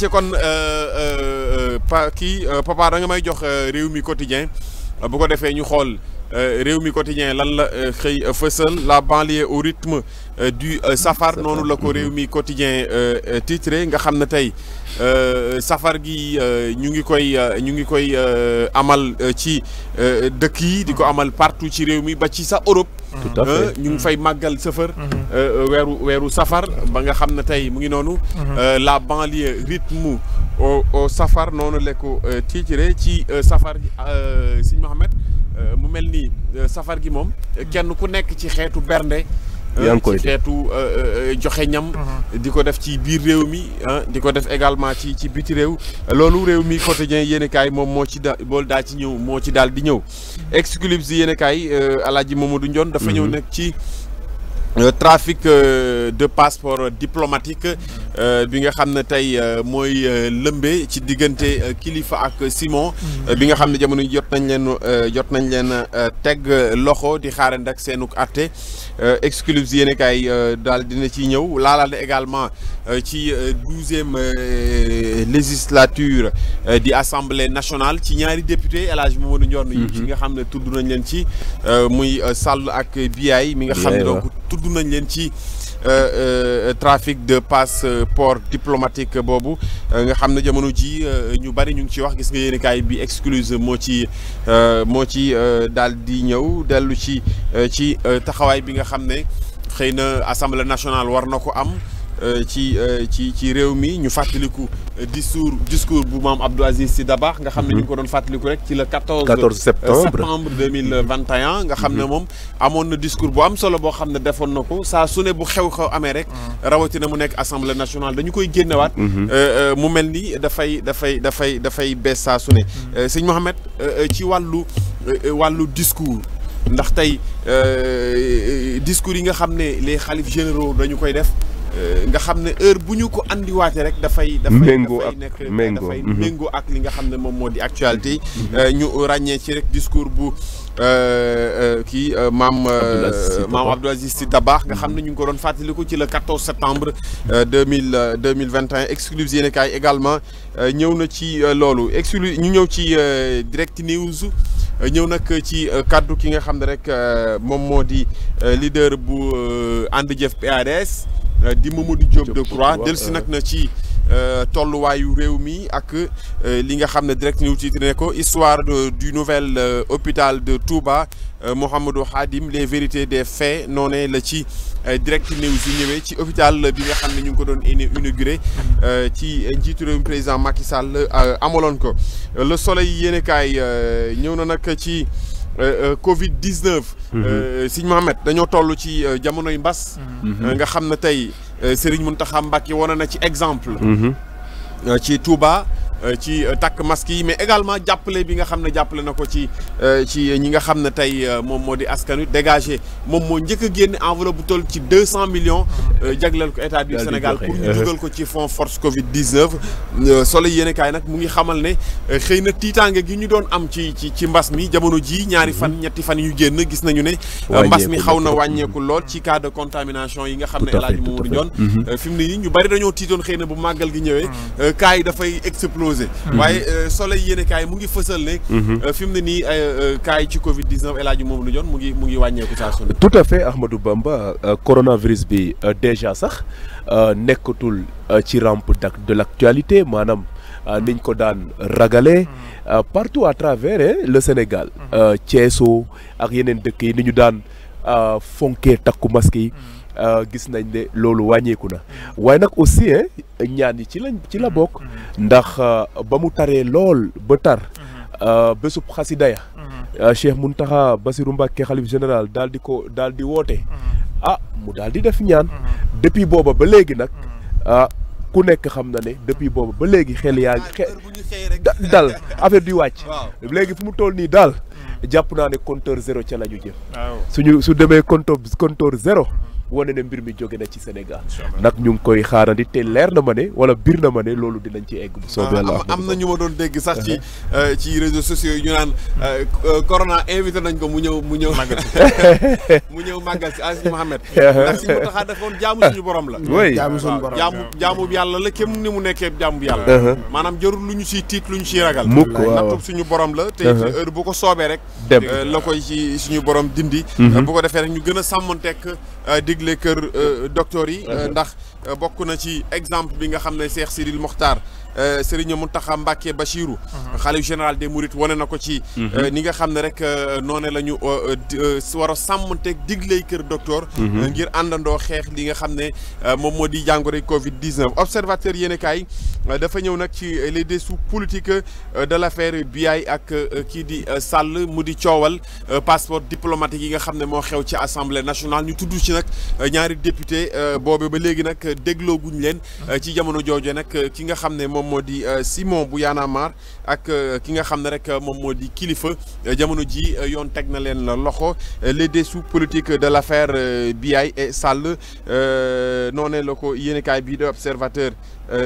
ci kon euh, euh, euh, pa kii papa da may jox réew mi quotidien bu ko defee ñu xool réew mi quotidien lan la xëy fësal la banlieue au rythme Euh, du euh, safar non le ko quotidien euh, titré nga xam tay safar gi ñu ngi koy ñu ngi koy amal ci dekk yi diko amal partout ci rewmi ba ci sa Europe ñu ngi fay magal safar weru safar ba nga xam mu ngi mhm. la banlieue rythme au safar noonu le ko titré ci safar Sëñ Mohamed mu melni safar gi mom kenn ku nek ci xétu berndé Euh, yaa ngi koy ci xeetu euh, euh, joxe ñam. Uh-huh. di ko def ci biir réew mi ah, di ko def également ci ci biti réew. loolu réew mi quotidien yéenekaay moom moo ci da bool daal ci ñëw moo ci daal di ñëw. exclusive moom Alaaji Mamadou Ndione dafa ñëw mm-hmm. nekk ci. le euh, trafic euh, de passeports diplomatiques, euh, bi nga xamne tay moy mooy ci diggante Kilifeu ak Simon mm. bi nga xamne ne jamono jot nañ leen jot nañ leen tegg loxo di xaarand ak seenuk exclusive yéen kaay dina ci ñëw laalaal également ci douzième législature di assemblée nationale ci ñaari député elage Hadj Mamadou Ndione yi mm-hmm. nga xamne tuddu nañ leen ci muy Sall ak Biaye mi nga xamne donc tudd nañ leen ci euh, euh, trafic de passeport diplomatique boobu euh, nga xam ne jamono ji ñu bari ñu ngi ci wax gis nga yéenekaay bi excluse moo ci moo ci daal di ñëw dellu ci ci taxawaay bi nga xam ne xëy na assemblée nationale war na ko am ci ci ci réew mi ñu fàttaliku discours discours bu mam Abdou Aziz Sy nga xamné ñu ngi mhm. ko doon fàttaliku rek ci le 14 septembre septembre 2021 nga xamné mom mhm. amone discours bu am solo bo xamné defon nako sa suné bu xew-xew amé rek mhm. rawati na mu nek assemblée nationale dañu koy wat euh, euh mu melni da mel ni dafay dafay dafay dafay bees saa su ne euh, sëñ Mohamed euh, ci walu walu discours ndax tay euh discours yi nga xamné les xalif généraux dañu koy def Euh, nga xam ne heure bu ñu ko andiwaatee rek dafay. dafay dafay nekk dafay mhm. méngoo ak li nga xam ne moom moo di actualité mhm. euh, ñu ràññee ci rek discours bu euh, kii maam. maam Abdou Aziz si Dabakh nga xam ne mhm. ñu ngi ko doon fàttaliku ci le 14 septembre. 2000 2021 Exclusive Yéenekaay également ñëw na ci loolu Exclu ñu ñëw ci Direct News. ñëw nag ci kaddu ki nga xam ne rek moom moo di leader bu ànd jëf PADS. Euh, di Mamadou Diop de Croix dellusi euh, nag na ci euh, tolluwaayu réew mi ak li nga xam direct ñëw ci ne ko histoire du nouvel hôpital de Touba Mohamedou Hadim les vérités des faits noné la ci direct news yi ci hôpital bi nga xam ñu ko doon inauguré ci njiitu réew président Macky Sall amaloon ko le soleil yéenekaay ñëw na nak ci. Euh, euh, Covid 19. Euh, mhm. Sëñ Mohamed dañoo toll ci jamonoy mbas. Mhm. Mhm. nga xam ne tey Serigne Mountakha Mbacké wane na ci exemple. ci Touba. Euh, ci euh, tak maski mais également jappelé bi nga xamné jappelé nako ci euh, ci ñi nga xamné tay mom modi askanu dégager mom mo ñëk guen enveloppe tol ci 200 millions jaglal ko état du Sénégal pour ñu dugal ko ci fonds force Covid 19. Soleil yene kay nak mu ngi xamal né xeyna na gi ñu doon am ci ci mbass mi jamono ji ñaari fan mhm. ñetti fan yu génn gis nañu né mbass mi xawna na wàññeeku lool ci cas de contamination yi nga xamné ne El Hadj Mamadou mhm. ne ñu bari dañoo titone xeyna bu magal gi ñëwé kay mhm. da fay explosé explosé mhm. waaye euh, soleil yéene kaay mu ngi fësal ne mhm. euh, fi mu ne nii euh, kaay ci covid 19 El Hadji Mamadou Dione mu ngi mu ngi wàññeeku saa su ne tout à fait Ahmadou Bamba coronavirus bi déjà sax nekkatul ci rampe de l'actualité maanaam mhm. niñ ko daan ragale partout à travers le Sénégal Thiès ak yeneen dëkk yi ni ñu daan fonkee takku masque yi Euh, gis nañ ne loolu wàññeeku na waaye nag aussi ñaan yi ci lañ ci la mm-hmm. bokk mm-hmm. ndax euh, ba mu taree lool ba tar mm-hmm. euh, bésub xasidaya Cheikh Mountakha Bassirou Mbacké xalif général daal di ko daal di woote a ah, mu daal di def ñaan depuis booba ba léegi nag ah, ku nekk xam na ne depuis boobu ba léegi xel yaa ngi ah, dal affaire du wàcc léegi fu mu tool nii daal jàpp naa ne compteur zéro ca la ñu su ñu su demee compteur compteur zéro wane ne mbir mi jóge na ci Sénégal nag ñu ngi koy xaarandi te leer na ma ne wala biir na ma ne loolu dinañ ci egg bu soobee Yàlla am na ñu ma doon dégg sax ci euh, ci réseaux sociaux yi ñu naan hmm. euh, euh, corona invité nañ ko mu ñëw mu ñëw mu ñëw màggal si Aziz Mohamed ndax si mu taxaa jaamu suñu borom la jaamu suñu borom jaamu jaamu yàlla la kem ni mu nekkee jaamu yàlla uh-huh. maanaam jarul lu ñu siy tiit lu ñu si ragal mukk nattub suñu borom la te uh-huh. heure bu ko soobee rek la koy ci suñu borom dindi mm-hmm. bu ko defee rek ñu gën a sàmmanteek Euh, digle kër euh, docteur yi euh, ndax bokk na ci exemple bi nga xam ne Cheikh Cyril Mokhtar Euh, Serigne Mountakha Mbacké Bachirou xalif mhm. général des Mourides woné nako ci mhm. euh, ni nga xamné rek euh, noné lañu ñu war diglé kër docteur mhm. ngir andando xeex li nga xamné ne modi moo Covid 19 observateur yéen kaay dafa ñew nak ci les dessous politiques de l'affaire Biaye ak ki di Sall modi di passeport diplomatique yi nga xamné ne xew ci assemblée nationale ñu tuddu ci nak ñaari député boobe ba léegi nag déglooguñ len ci jamono jojo nak ki nga xamné modi euh, Simon Bouyanamar Y'en a ak euh, ki nga xam rek euh, mom modi kilifa jamono ji na loxo les dessous politiques de l'affaire bi et Sall non loko yene kay bi de observateur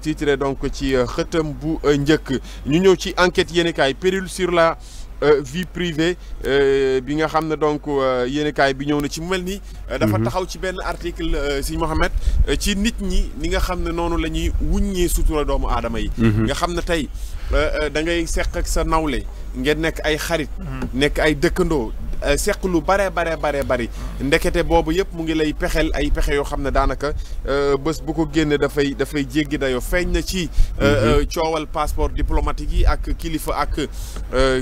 titré donc ci xëtam bu njëkk ñu ñëw ci enquête kay péril sur la Euh, vie privée euh, bi nga xam ne donc euh, yéenekaay bi ñëw na ci mel ni. dafa mhm. taxaw ci benn article si Mohamed ci nit ñi ni nga xam ne noonu la ñuy wuññee sutura doomu aadama yi. Mhm. nga xam ne tey da ngay seq ak sa nawle ngeen nekk ay xarit. Mhm. nekk ay dëkkandoo. Euh, seq lu bare bare bare bari ndekete boobu yëpp mu ngi lay pexeel ay pexe yoo xam ne daanaka euh, bés bu ko génne dafay dafay jéggi dayoo feeñ na ci euh, mhm. coowal passeport diplomatique yi ak kilifa ak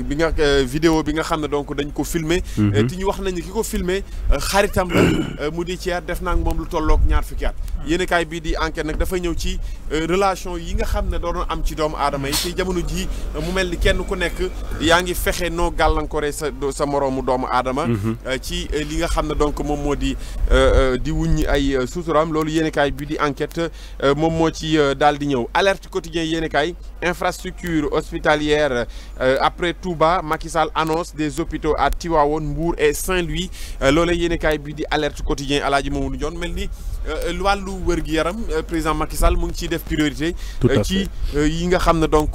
bi nga vidéo bi nga xam ne donc dañ ko filmer mhm. te ñu wax nañu ki ko filmer xaritam la mu di ceer def naag moom lu tolloog ñaar fukki at yéen kaay bii di enquête nag dafay ñëw ci relation yi nga xam ne doon am ci doomu aadama yi te jamono jii mu mel ni kenn ku nekk yaa ngi fexe noo gàllankoore sa sa moroomu doomu aadama mhm. euh, ci euh, li nga xamne donc mom modi di euh, di wuññi ay suuturam yene kay bi di enquête mom mo ci dal di ñew alerte quotidien kay infrastructure hospitalière après Touba Macky Sall annonce des hôpitaux à Tivaouane Mbour et Saint-Louis yene kay bi di alerte quotidien Aladji Mamadou Dione melni ni wàllu wër gi yaram président Macky Sall mu ngi ci def priorité ci yi nga xam ne donc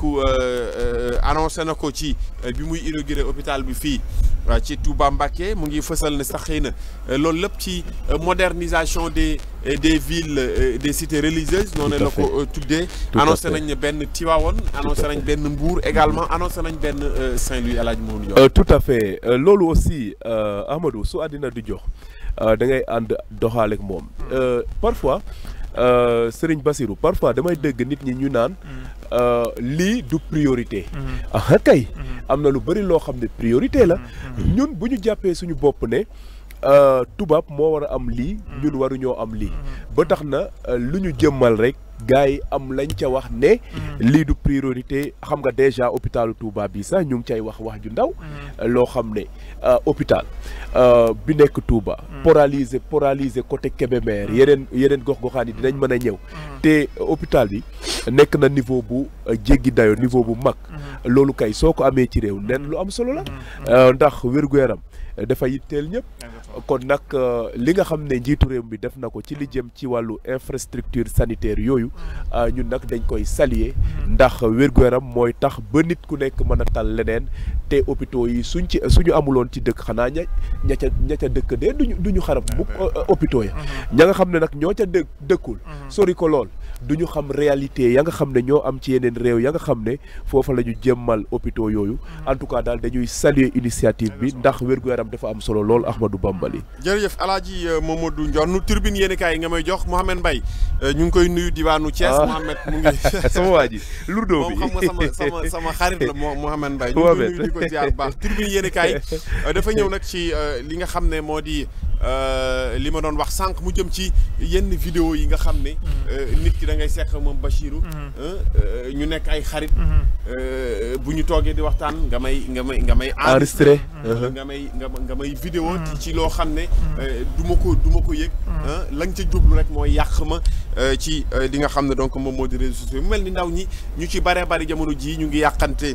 annoncé nako ci bi muy inaugurer hôpital bi fi waaw euh, ci Touba Mbaké mu ngi fësal ne sax xëy euh, loolu ci euh, modernisation des des villes des cités religieuses noné lako ko annoncé nañ ben Tiwawon annoncé nañ Ben Mbour également mm-hmm. annoncé nañ ben Saint-Louis El Hadji Mamadou tout à fait loolu aussi Amadou su àddina du jox da ngay ànd mom mm. euh, parfois Euh, Sëriñ Basiru parfois damay dégg nit ñi ñu naan mm. euh, lii du priorité mm-hmm. ah kay mm-hmm. am na lu bëri loo xam ne priorité la mm-hmm. ñun bu ñu jàppee suñu bopp ne Euh, tubaab moo war a am lii mm-hmm. ñun waruñoo am lii mm-hmm. ba tax na euh, lu ñu jëmmal rek gars yi am lañ ca wax ne mm-hmm. lii du priorité xam nga déjà hôpitalu Touba yi sax ñu ngi cay wax wax ju ndaw loo xam ne euh, hôpital bi nekk Touba paralysé paralysé côté Kébémer yeneen yeneen gox-goxaan yi dinañ mën a ñëw te hôpital bi nekk na niveau bu jéggi dayo niveau bu mag loolu kay soo ko amee ci réew nen lu am solo la ndax wér-gu-yaram dafa yitteel ñëpp kon nag euh, li nga xam ne njiitu réew bi def na ko ci li jëm ci wàllu infrastructure sanitaire yooyu euh, ñun nag dañ koy saluer mm-hmm. ndax wér yaram mooy tax ba nit ku nekk mën a tal leneen te hôpitaux yi suñ ci suñu amuloon ci dëkk xanaa ña ña ca ña ca dëkk dee duñu du ñu xarab bu euh, hôpitaux ya mm-hmm. ña nga xam ne nag ñoo ca dë dëkkul mm-hmm. sori ko lool du ñu xam réalité ya nga xam ne ñoo am ci yeneen réew ya nga xam ne foofa la ñu jëmmal hôpitaux yooyu en tout cas daal dañuy saluer initiative bi ndax wér yaram dafa am solo lool Ahmadou Bamba football yi. jërëjëf El Hadj euh, Mamadou Ndione turbine yéen kaay nga may jox Mouhamed mbay euh, ñu ngi koy nuyu diwaanu Thiès. Ah. Mouhamed mu ngi sama waa ji. lourdo bi moom xam nga sama sama sama xarit la Mouhamed Mbaye. ñu ngi koy nuyu di ko ziar bu baax turbine kaay euh, dafa ñëw nag ci li nga xam ne moo di Euh, li ma doon wax sànq mu jëm ci yenn vidéo yi nga xam ne mm-hmm. euh, nit ki da ngay seq moom Bachirou mm-hmm. euh, ñu nekk ay xarit mm-hmm. bu ñu toogee di waxtaan nga may nga may nga may enregistré uh-huh. nga may nga may vidéo ci loo xam ne du ma ko du ma ko yëg la nga ca jublu rek mooy yàq ma ci li nga xam donc moom moo di réseau mel ni ndaw ñi ñu ci bare bari jamono ji ñu ngi yàqante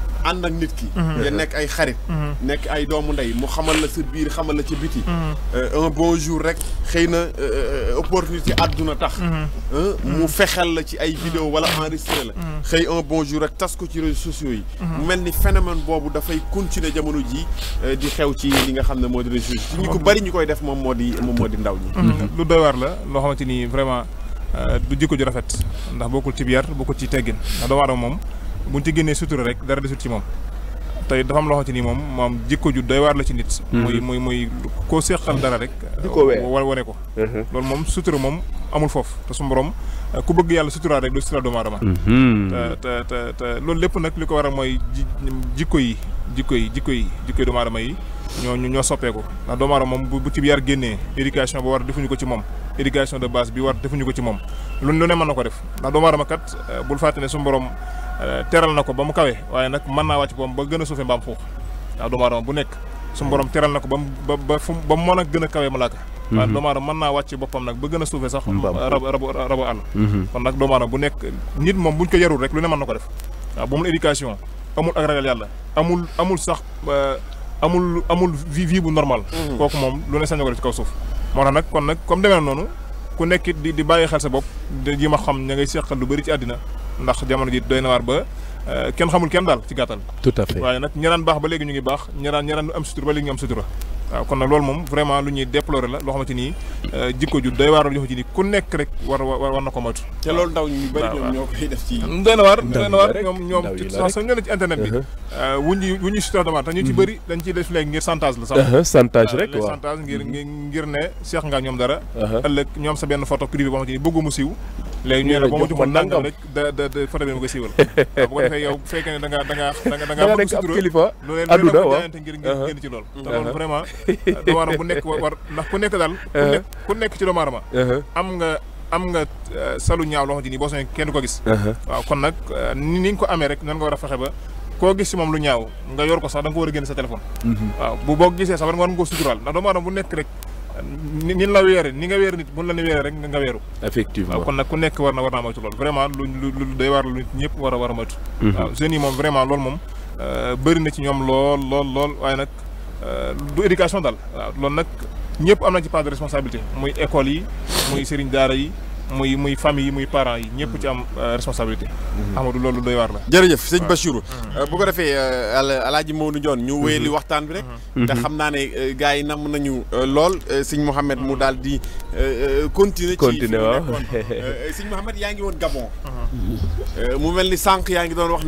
ànd ak nit ki mhm. ngeen nekk ay xarit mhm. nekk ay doomu ndey mu xamal la sa biir xamal la ci biti mhm. euh, un bon jour rek xëy na euh, euh, opportunité àdduna tax mu fexeel la ci ay vidéo wala enregistré la xëy un bon jour rek tas ko ci réseaux sociaux yi mel ni phénomène boobu dafay continuer jamono ji di xew ci li nga xam ne moo di réseaux ci ñu ko bari ñu koy def moom moo di moom moo di ndaw ñi lu doy waar la loo xamante ni vraiment du jikko ju rafet ndax bokkul ci biir bokkul ci teggin ndax moom buñ ci génnee sutura rek dara desut ci moom tey dafa am loo ci ni moom moom jikko ju doy waar la ci nit. mooy mhm. muy muy koo seqal dara rek. di ko wala uh, wane ko. Mhm. loolu moom sutura moom amul foofu te su borom uh, ku bëgg yàlla suturaal rek du sutura doomu aadama. Mhm. te te te loolu lépp nag li ko waral mooy jikko yi jikko yi jikko yi jikko yi doomu aadama yi ñoo ñoo soppeeku ndax doomu aadama moom bu bu ci yar génnee éducation ba war defuñu ko ci moom éducation de base bi war defuñu ko ci moom. lu lu ne mën na ko def ndax doomu aadama kat eh, bul fàtte ne suñu borom eh, teral na ko ba mu kawee waaye nag mën naa wàcc boom ba gën a suufe mbaam foofu ndax doomu nekk suñu borom teral na ko ba mu ba ba fu ba mu mën a gën a kawe malaaka mhm. waaye doomu aadama mën naa wàcc boppam nag ba gën a suufe sax rabo rabu rabu mhm. kon nag doomu aadama bu nekk nit moom buñ ko yarul rek lu ne man na ko def waaw bu mu éducation amul ak yàlla amul amul sax eh, amul amul vie vie bu normal mhm. kooku moom lu ne sañ na ko def ci kaw suuf moo tax nag kon nag comme demee noonu ku nekk di di bàyyi xel sa bopp di ji xam ña ngay seqal lu bëri ci àddina ndax jamono ji doy na waar ba eh, kenn xamul kenn daal ci gàttal. tout à fait waaye nag ñi baax ba léegi ñu ngi baax ñi daan ñi am sutura ba léegi ñu am sutura. waaw kon nag loolu moom vraiment lu ñuy déplorer la loo xamante ni euh, jikko ju doy waar la joo xamante ni ku nekk rek war war na ko moytu. te loolu ndaw ñu bari ñoom ñoo koy def ci. doy na waar doy na waar ñoom ñoom ci sax ñoo ne ci internet bi. wuñu wuñu si taxawaat te ñu ci mhm. bëri dañ ciy def léegi ngir chantage la sax. chantage rek waaw chantage ngir ngir ne seex nga ñoom dara. ëllëg ñoom sa benn photo privée boo xamante ni bëggu mu siiw léegi ñu ne la boo ma jox ma nangam rek da da da photo bi ma ko siiwal bu ko defee yow bu fekkee ne da ngaa da ngaa da ngaa da ngaa nekk ab kilifa adduna waaw jaayante uh-huh. uh-huh. vraiment doomaram bu nekk war ndax ku nekk daal ku uh-huh. nekk ci doomaarama am nga am nga euh, salu ñaaw loo xam ni boo soñee kenn du ko gis waaw kon nag euh, ni ni nga ko amee rek nan nga war a fexe ba koo gis si moom lu ñaaw nga yor ko sax da nga ko war a génn sa téléphone mm-hmm. waaw bu boo gisee sax war nga ko suturaal ndax doomu aadama bu nekk rek ni la weere ni nga weer nit bu la ne weere rek nga weeru effectivement kon nag ku nekk war na war naa moytu loolu vraiment lu lu day waar lu nit ñëpp war a war a moytu mhm. waaw jeunes yi moom vraiment loolu moom euh, bëri na ci ñoom lool lool lool waaye nag euh, du éducation daal waaw loolu nag ñëpp am na ci part de responsabilité muy école yi muy sëriñ daara yi muy muy famille yi muy parents yi ñëpp ci am euh, responsabilité mhm. Amadou loolu doy waar la jërëjëf sëñ Bachirou mhm. euh, bu ko defee euh, alaaji Maodo Ndione ñu wéyali mhm. waxtaan bi rek te xam naa ne gars yi nam nañu lool sëñ Mouhamed mu daal di continuer ci sëñ Mouhamed yaa ngi woon Gabon mu mel ni sànq yaa ngi doon wax